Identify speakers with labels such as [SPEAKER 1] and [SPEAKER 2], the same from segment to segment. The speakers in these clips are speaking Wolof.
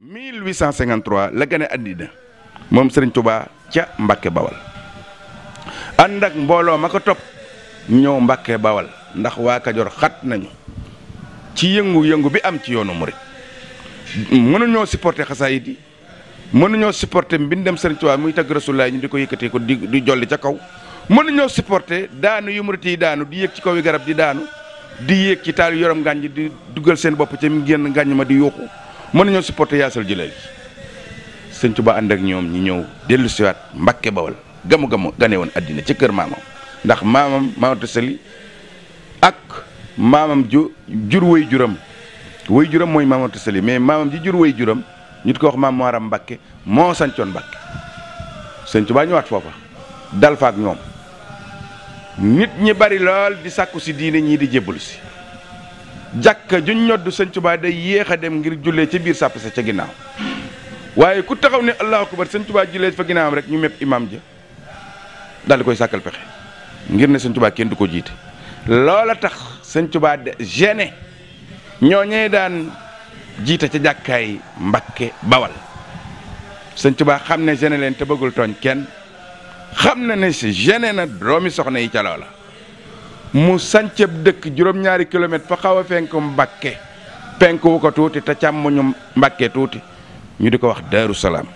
[SPEAKER 1] 1853 la gane adida mom Serigne Touba ca Mbacke Bawal andak mbolo mako ma ko Mbacke Bawal ndax ka jor xat nañu ci yëngu-yëngu bi am ci yoonu murit mënuñoo supporter xasaayid yi mënuñoo supporter mbindam Serigne Touba muy tag Rasulullaay ñu diko ko ko di jolli ca kaw mënuñoo supporter daanu yu murit yi daanu di yek ci kaw yi garab di daanu di yek ci taal yoram ngàññ di dugal seen bop ci mu génn di yoku mën nañoo supporter yaasal jëlaal yi sëñ Tuba ànd ak ñoom ñi ñëw dellusiwaat mbakke Mbàkke Bawal gamu-gamu gane woon àddina ci kër maamam ndax maamam Maamata Sali ak maamam ju jur way juram way juram mooy Maamata Sali mais maamam ji jur way juram ñu ko wax maam Maaram Mbàkke moo sancoon Mbàkke sëñ Tuba ñëwaat foofa dal fa ñoom nit ñi bari lool di sàkku si diine ñii di jébbalu si jàkka ju ñoddu sëñ Tuubaa day yéex a dem ngir jullee ci biir sàpp sa ca ginnaaw waaye ku taxaw ne allahu akbar sëñ Tuubaa jullee fa ginnaawam rek ñu mépp imaam ja daal koy sàkkal pexe ngir ne sëñ kenn du ko jiite loola tax sëñ Tuubaa ñoo ñee daan jiite ca jàkkaay mbakke Bawal sëñ Tuubaa xam ne gêné leen te bëggul tooñ kenn xam na ne si gêné na doomi soxna yi ca loola mu sanceb dëkk juróom-ñaari kilomètre fa xaw a fenk mbàkke penk wu ko tuuti te càmmoñu mbàkke tuuti ñu di ko wax daaru salaam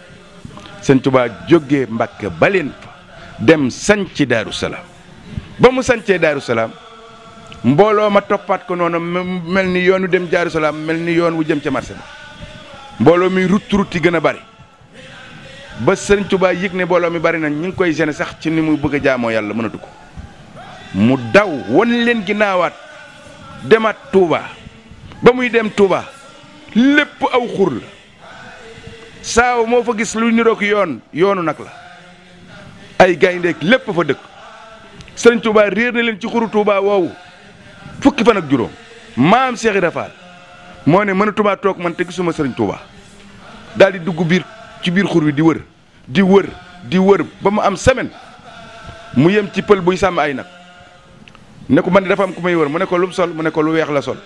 [SPEAKER 1] sëñ Tuubaa jógee mbàkke baleen fa dem sanc daaru salaam ba mu sancee daaru salaam mbooloo ma toppaat ko noonu mel ni yoon wu dem daaru salaam mel ni yoon wu jëm ci marché ba mbooloo mi rut rut yi gën a bari ba sëñ Tuubaa yëg ne mbooloo mi bari na ñu ngi koy gene sax ci ni mu bëgg a jaamoo yàlla mënatu ko mu daw wan leen ginnaawaat demaat tuubaa ba muy dem Touba lépp aw xur la saawo moo fa gis lu niroog yoon yoonu nag la ay gayndeek lépp fa dëkk sëriñ Touba réer na leen ci xuru Touba woowu fukki fan ak juróom maam Cheikh Ibra moo ne mën Touba toog man te gisuma sëriñ Touba daldi dugg biir ci biir xur wi di wër di wër di wër ba mu am semaine mu yem ci pël buy sàmm ay nag. ne ko man dafa am ku may wër mu ne ko lu sol mu ne ko lu weex la sol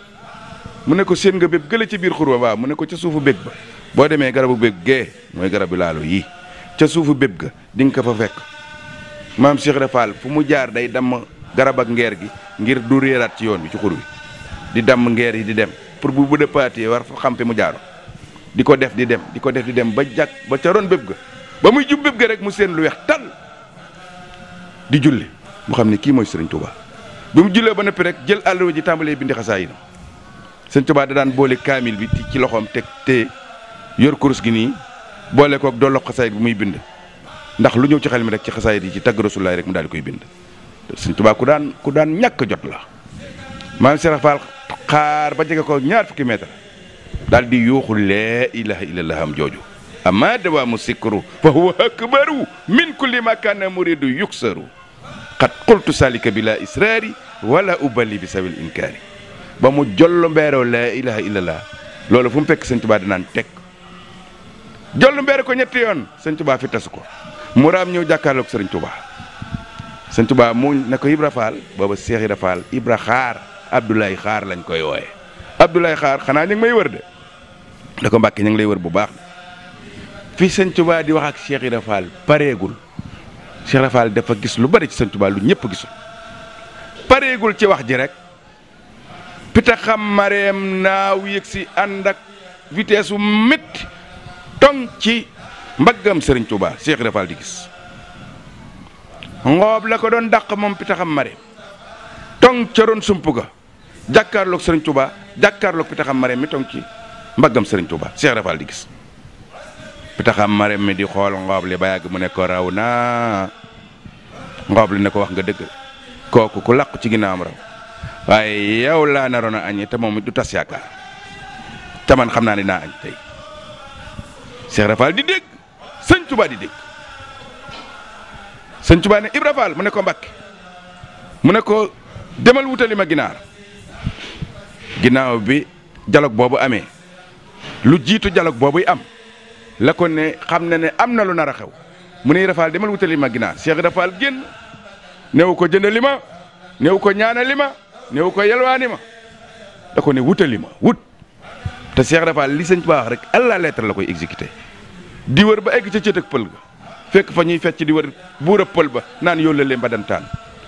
[SPEAKER 1] mu ne seen nga bëb gele ci bir xurwa ba mu ne ko suufu bëb ba bo démé garabu bëb ge moy garabu laalo yi ci suufu bëb ga di ka fa fekk maam Cheikh rafal fu mu jaar day dam garab ak ngeer gi ngir du réeraat ci yoon bi ci xurwi di dam ngeer yi di dem pour bu bu departé war fa xam fi mu jaar di def di dem diko def di dem ba jak ba ca ron bëb ga ba muy jub bëb ga rek mu seen lu tal di julli mu xamni ki moy Serigne Touba. bi mu jullee ba noppi rek jël àlluwa ji tàmbalee bindi xasaayid sëñ tubaa da daan boole kaamil bi ci loxoom teg te yor kurus gi nii boole koog dolloog xasaayid bi muy bind ndax lu ñëw ci xel mi rek ci xasaayid di ci tagg Rasulullaah rek mu daal koy bind sëñ Tuubaa ku daan ku daan ñàkk jot la maam Cheikh Fall xaar ba jege ko ñaar fukki mètre daal di yuuxu laa ilaaha illallaah am jooju amma mu sikru fa huwa akbaru min kulli makana muridu yuksaru qad qultu salika bila israri wala ubali bi sabil inkari ba mu jollo mbero la ilaha illallah lolou fu mu seigne touba tubaa dinaan sentuba jollu Muramnyo ko ñetti yon seigne touba fi tasu ko mu raam ñëw ko seigne touba seigne touba mu ne ko ibra faal baba cheikh ibra ibra khar khar lañ koy woy khar xana ñing may wër de da ko lay wër bu baax fi seigne touba di wax ak cheikh ibra paregul Cheikh Rafal dafa gis lu bari ci Sëñ Tuubaa lu ñëpp gisul pareegul ci wax ji rek pitaxam mareem naaw yëg si ànd ak vitesse su métti ci mbaggam Sëriñ Tuubaa Cheikh Rafal di gis ngoob la ko doon daq moom pitaxam mareem tong ca roon sump ga jàkkaarloog Sëriñ Tuubaa jàkkaarloog pitaxam mareem mi tong ci mbaggam Sëriñ Tuubaa Cheikh Rafal di gis bi taxam maram mi di xool ngoob ba yàgg mu ne ko raw naa ngoob li ne ko wax nga dëgg kooku ku làqu ci ginnaawam raw waaye yow laa naroon a añee te moom du tas yaakaar te man xam naa ne naa añ tey Cheikh Rafal di dégg sëñ Touba di dégg sëñ Touba ne Ibra Fall mu ne ko Mbàkke mu ne ko demal wutali ma ginaar ginnaaw bi dialogue boobu amee lu jiitu dialogue boobu am la ko ne xam na ne am na lu nar a xew mu ne rafaal demal wutali ma ginaar Cheikh rafaal génn neew ko jëndali ma neew ko ñaanali ma neew ko yelwaani ma da ko ne wutali ma wut te Cheikh rafaal li sëñ bi wax rek à la lettre la koy exécuté di wër ba egg ca cët ak pël ga fekk fa ñuy fecc di wër buur a pël ba naan yólla leen ba da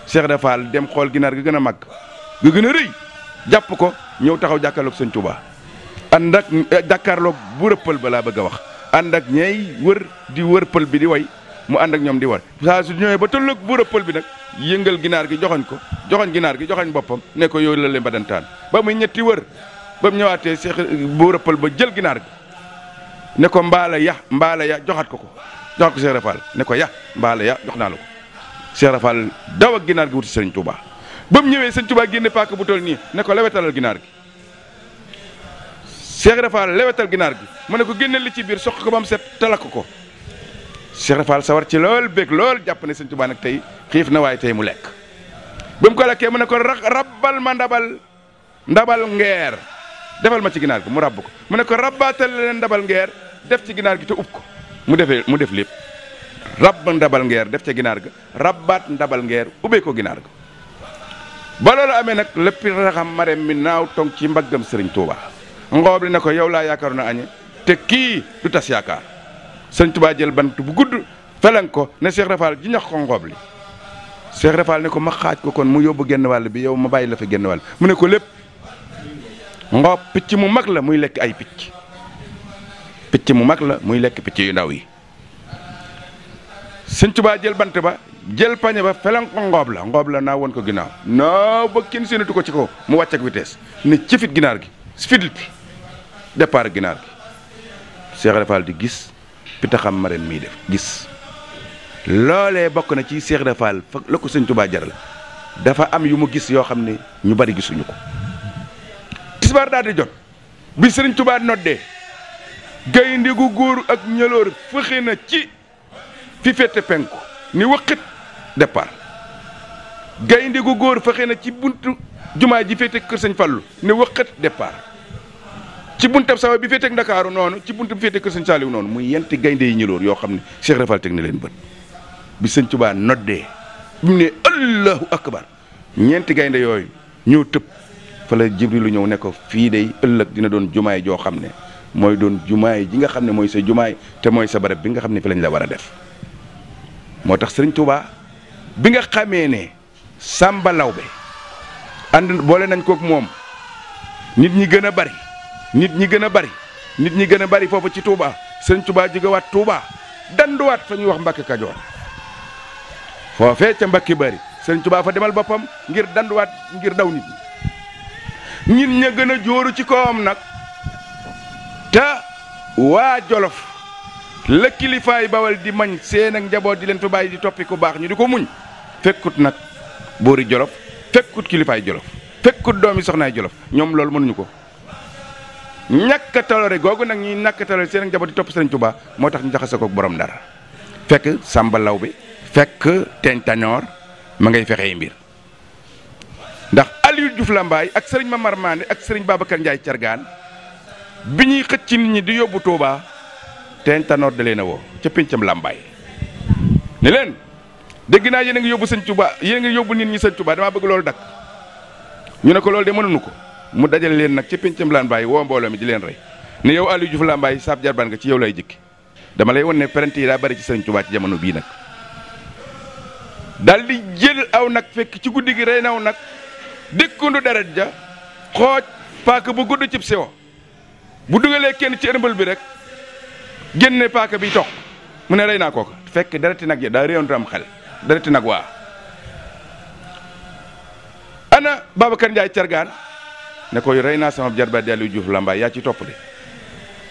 [SPEAKER 1] Cheikh dem xool ginaar ga gën a màgg ga gën a rëy jàpp ko ñëw taxaw jàkkaarloog sëñ Tuubaa ànd ak bu eh, buur ba laa bëgg a wax ànd ak ñey wër di wër pël bi di way mu ànd ak ñoom di war saa su ñëwee ba tolloog buur a pël bi nag yëngal ginaar gi joxoñ ko joxoñ ginaar gi joxoñ boppam ne ko yooyu la leen ba dantaan ba muy ñetti wër ba mu ñëwaatee seex buur a pël ba jël ginaar gi ne ko mbaala ya mbaala ya joxaat ko ko joxaat ko Seex ne ko ya mbaala ya jox naa la ko Seex Ibra Faal daw ginaar gi wuti Sëriñ Tuubaa ba mu ñëwee Sëriñ Tuubaa génne paaka bu toll nii ne ko lewetalal ginaar gi Cheikh Rafaal lewetal ginaar gi mu ne ko génneel li ci biir soq ko ba mu set talak ko Cheikh Rafaal sawar ci lool bég lool jàpp ne sëñ Tuubaa nag tey xiif na waaye tey mu lekk ba mu ko lekkee mu ne ko rabbal ma ndabal ndabal ngeer defal ma ci ginaar gi mu rabb ko mu ne ko rabbaatal leen ndabal ngeer def ci ginaar gi te ub ko mu defee mu def lépp rabb ndabal ngeer def ca ginaar gi rabbaat ndabal ngeer ubbee ko ginaar ga ba loolu amee nag lépp raxam marem mi naaw tong ci mbaggam sëriñ Tuubaa ngoob li ne ko yow laa yaakaar na añe te kii du tas yaakaar sëñ Tuubaa jël bant bu gudd felen ko ne Cheikh Rafal ji ñax ko ngoob li Cheikh Rafal ne ko ma xaaj ko kon mu yóbbu genn wàll bi yow ma bàyyi la fa genn wàll mu ne ko lépp ngoob picc mu mag la muy lekk ay picc picc mu mag la muy lekk picc yu ndaw yi sëñ Tuubaa jël bant ba jël pañe ba felan ko ngoob la ngoob la naa woon ko ginnaaw naaw ba kenn séenatu ko ci kaw mu wàcc ak vitesse ne cëfit ginaar gi spidit départ ginaar gi Cheikh di gis pitaxam marem miy def gis loolee bokk na ci Cheikh Rafal fa la ko sëñ Tuubaa jaral dafa am yu mu gis yoo xam ne ñu bari gisuñu ko tisbaar daal di jot bi sëriñ Tuubaa noddee gaynde gu góor ak ñëloor fexe na ci fi féete penku ni wëqit départ gaynde gu góor fexe na ci buntu jumaa ji féete kër sëñ Fallu ni wëqit départ ci buntab sawa bi teg ndakaaru noonu ci buntu bi féeteeg kër sëñ Saaliw noonu muy yenti gaynde yi ñëloor yoo xam ne Cheikh Rafal teg na leen bët bi sëñ Tuubaa noddee bi mu ne allahu akbar ñeenti gaynde yooyu ñoo tëb fa la Jibrilu ñëw ne ko fii day ëllëg dina doon jumaay joo xam ne mooy doon jumaay ji nga xam ne mooy sa jumaay te mooy sa barab bi nga xam ne fi lañ la war a def moo tax sëriñ Touba bi nga xamee ne Samba bi ànd boole nañ kook moom nit ñi gën a bari nit ñi gëna bari nit ñi gëna bari fofu ci Touba Serigne Touba wat Touba wat fa ñu wax Mbacke Kadior fofé ci Mbacke bari Serigne Touba fa demal bopam ngir wat ngir daw nit ñin ñe gëna joru ci koom nak ta wa Jolof le kilifaay bawal di mañ seen ak njabo di len fa di toppi ku ñu diko muñ fekkut nak boori Jolof fekkut kilifaay Jolof fekkut doomi soxnaay Jolof ñom lool mënuñu ko Nak tolore gogu nak ñi Nak tolore seen njaboot di top sëriñ Touba motax ñu jaxasoo koog borom dara fekk Samba Law bi fekk Tentanoor ma ngay fexee mbir ndax Aliou Diouf Lambaye ak sëriñ Mamar Mané ak sëriñ Babacar ndjay Cargaan biñi xëc ci nit ñi di yobbu Touba Tentanoor da leen a woo ca pencam Lambaye ne len degg na yéen nga yobbu yóbbu Touba nga yobbu nit ñi Touba dama bëgg lool dak ñu ne ko lool de mu dajale leen nag ca péncam Lambaye woo mbooloo mi di leen rey ne yow Aliou Diouf Lambaye saab jarbaan nga ci yow lay jikki dama lay wone ne prent yi daa bari ci Sëriñ Tuubaa ci jamono bii nag daal jël aw nag fekk ci guddi gi rey naw nag dékkundu deret ja xooj paaka bu gudd cib siwo bu dugalee kenn ci ërmbël bi rek génne paaka bi toq mu ne rey naa kooka fekk dereti nag ya daa réewantu am xel dereti nag waa ana Babacar Ndiaye Cargaan ne ko rey naa sama jarbaat di Aliou Diouf Lambaay yaa ci topp de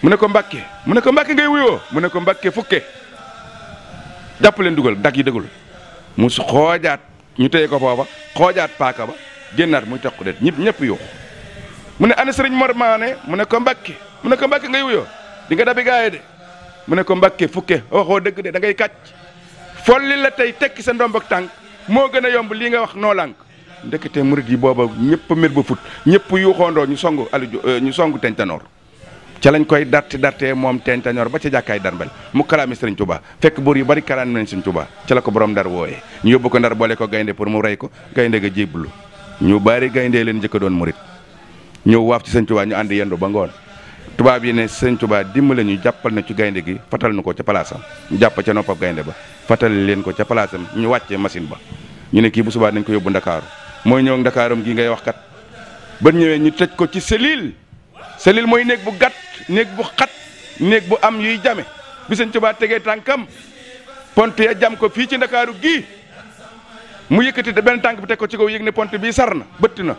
[SPEAKER 1] mu ne ko Mbàkke mu ne ko Mbàkke ngay wuyoo mu ne ko Mbàkke fukke jàpp leen dugal dag yi dëggul mu xoojaat ñu téye ko foofa xoojaat paaka ba génnaat muy toq det ñëpp ñëpp yuux mu ne ana sëriñ Mor Maane mu ne ko Mbàkke mu ne ko Mbàkke ngay wuyoo di nga dabi gaaye de mu ne ko Mbàkke fukke waxoo dëgg de da ngay kàcc folli la tey tekki sa ndombak tànk moo gën a yomb lii nga wax noo ndekete murit yi booba ñëpp mer ba fut ñëpp yuuxoondoo ñu song ali euh, ñu song teñ tanoor ca lañ koy darti darte moom teñ tanoor ba ca jàkkaay darmbel mu kalaami sëriñ Tuubaa fekk buur yu bari kalaami nañ sëriñ Tuubaa ca la ko borom ndar wooyee ñu yóbbu ko ndar boole ko gaynde pour mu rey ko gaynde ga jébbalu ñu bari gaynde leen njëkk doon murit ñëw waaf ci sëriñ Tuubaa ñu ànd yendu ba ngoon tubaab yi ne sëriñ Tuubaa dimbale ñu jàppal na ci gaynde gi fatal nu ko ca palaasam jàpp ca noppam gaynde ba fatal leen ko ca palaasam ñu wàccee machine ba ñu ne kii bu nañ ko yóbbu Ndakaaru mooy ñëw ndakaaram gi ngay wax kat ba ñëwee ñu tëj ko ci selil selil mooy néeg bu gàtt néeg bu xat néeg bu am yuy jame bi sëñ Tuubaa tegee tànkam pont ya jam ko fii ci ndakaaru gi mu yëkkati benn tànk bu teg ko ci kaw yëg ne pont bii sar na bëtt na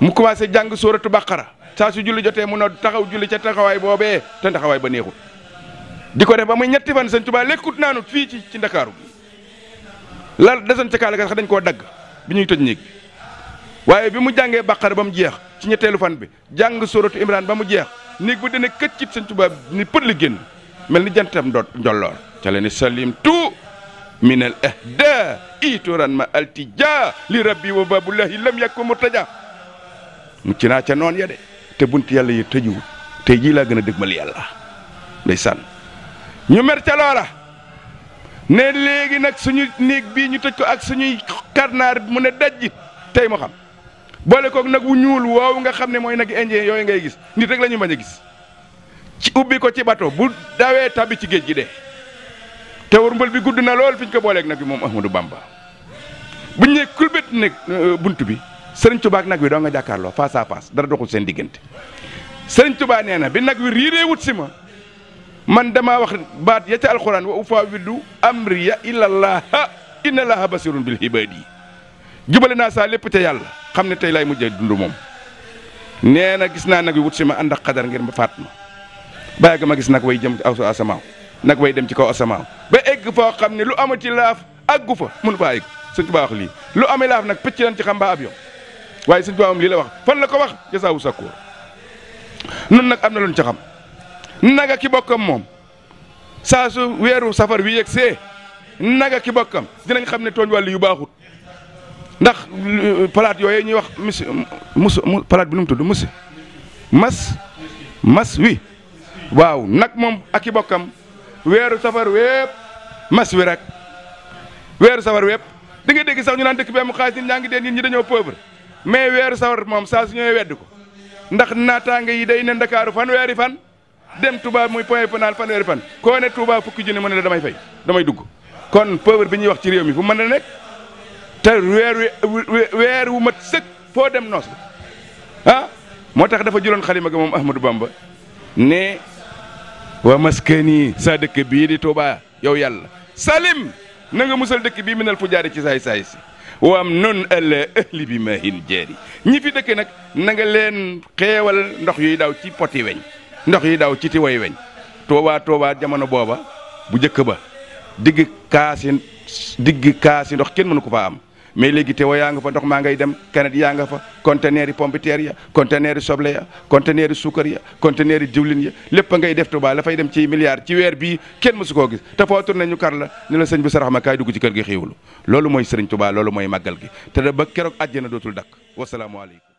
[SPEAKER 1] mu commencé jàng sóoratu bàqara saa su julli jotee mu nodd taxaw julli ca taxawaay boobee te ndaxawaay ba neexut di ko def ba muy ñetti fan sëñ Tuubaa lekkut naanut fii ci ci ndakaaru gi la desoon ca kaala dañ koo dagg bi ñuy toj néeg waaye bi mu jàngee bàqara ba mu jeex ci ñetteelu fan bi jàng sóoratu imran ba mu jeex néeg bu dana kët cit sëñ Tuubaa ni pël li génn mel ni jantam do njolloor ca la ni salim tout min al ahda ituran ma altija li rabbi wa babulahi lam yakku murtaja mucc naa ca noon ya de te bunt yàlla yi tëjuwul tey jii laa gën a dëgmal yàlla ndeysaan ñu mer ca loola ne léegi nag suñu néeg bii ñu tëj ko ak suñuy karnar mu ne dajji tey ma xam boole koog nag wu ñuul woowu nga xam ne mooy nag indien yooyu ngay gis nit rek la ñu mën a gis ci ubbi ko ci bato bu dawee tabi ci géej gi de te war mbël bi gudd na lool fi ñu ko booleeg nag bi moom Ahmadou Bamba bu ñu nee kulbét nag euh, bunt bi Serigne Touba ak wi doo nga jàkkaarloo face à face dara doxul seen diggante Serigne Touba bi wi wut man wax baat ya ca alxuraan wa ufawwidu amriya ilallah inna allaha basirun bil ibadi jubale naa saa lépp te yàlla xam ne tey laay mujjee dund moom nee na gis naa nag yu wut si ma ànd ak xadar ngir ma faat ma bàyyi ma gis nag way jëm ci aw asamaaw nag way dem ci kaw asamaaw ba egg foo xam ne lu ama ci laaf àggu fa munu faa egg sëñ Tuubaa wax lii lu amee laaf nag pëcc lan ci xam ba ab yoon waaye sëñ Tuubaa am lii la wax fan la ko wax jasaawu sakkoor nun nag am na luñ ca xam naga ki bokkam moom saa nag naga ki bokkam dinañ xam ne tooñ wàllu yu baaxut ndax euh, palaat yooyu ñuy wax mus mus palaat bi nu tudd mus mas mas wi waaw nag moom ak i bokkam weeru safar wépp mas wi rek weeru safar wépp di nga dégg sax ñu naan dëkk bi am xaalis nit ñaa dee nit ñi dañoo pauvre mais weeru safar moom saa su ñëwee wedd ko ndax naataange yi day ne ndakaaru fan weeri fan dem Touba muy point pénal fan weeri fan koo ne Touba fukki junni mu ne la damay fay damay dugg kon pauvre bi ñuy wax ci réew mi fu man a nekk te weer wu mat sëkk foo dem noos ah moo tax dafa jëloon xalima ga moom Ahmadou Bamba ne wa maskani saa dëkk bii di Touba yow yàlla salim na nga musal dëkk bii minal fu jaari ci saay saay si am nun alla ahli bi maahin jeeri ñi fi dëkk nag na nga leen xeewal ndox yuy daw ci poti weñ ndox yuy daw ci ti way weñ Touba Touba jamono booba bu jëkk ba digg kaasi digg kaasi ndox kenn mënu ko faa am mais léegi te woo yaa nga fa ndox maa ngay dem kanet yaa nga fa conteneur yi pompiteer ya conteneur yi soble ya conteneur yi suukar ya conteneur diwlin ya lépp a ngay def Tuubaa la fay dem ci milliards ci weer bii kenn mësu koo gis te foo tourné ñu kar la ñu la sëñ bi sarax ma kaay dugg ci kër gi xiiwlu loolu mooy sëriñ Tuubaa loolu mooy màggal gi te da ba keroog àjjana dootul dakk wasalaamualeykum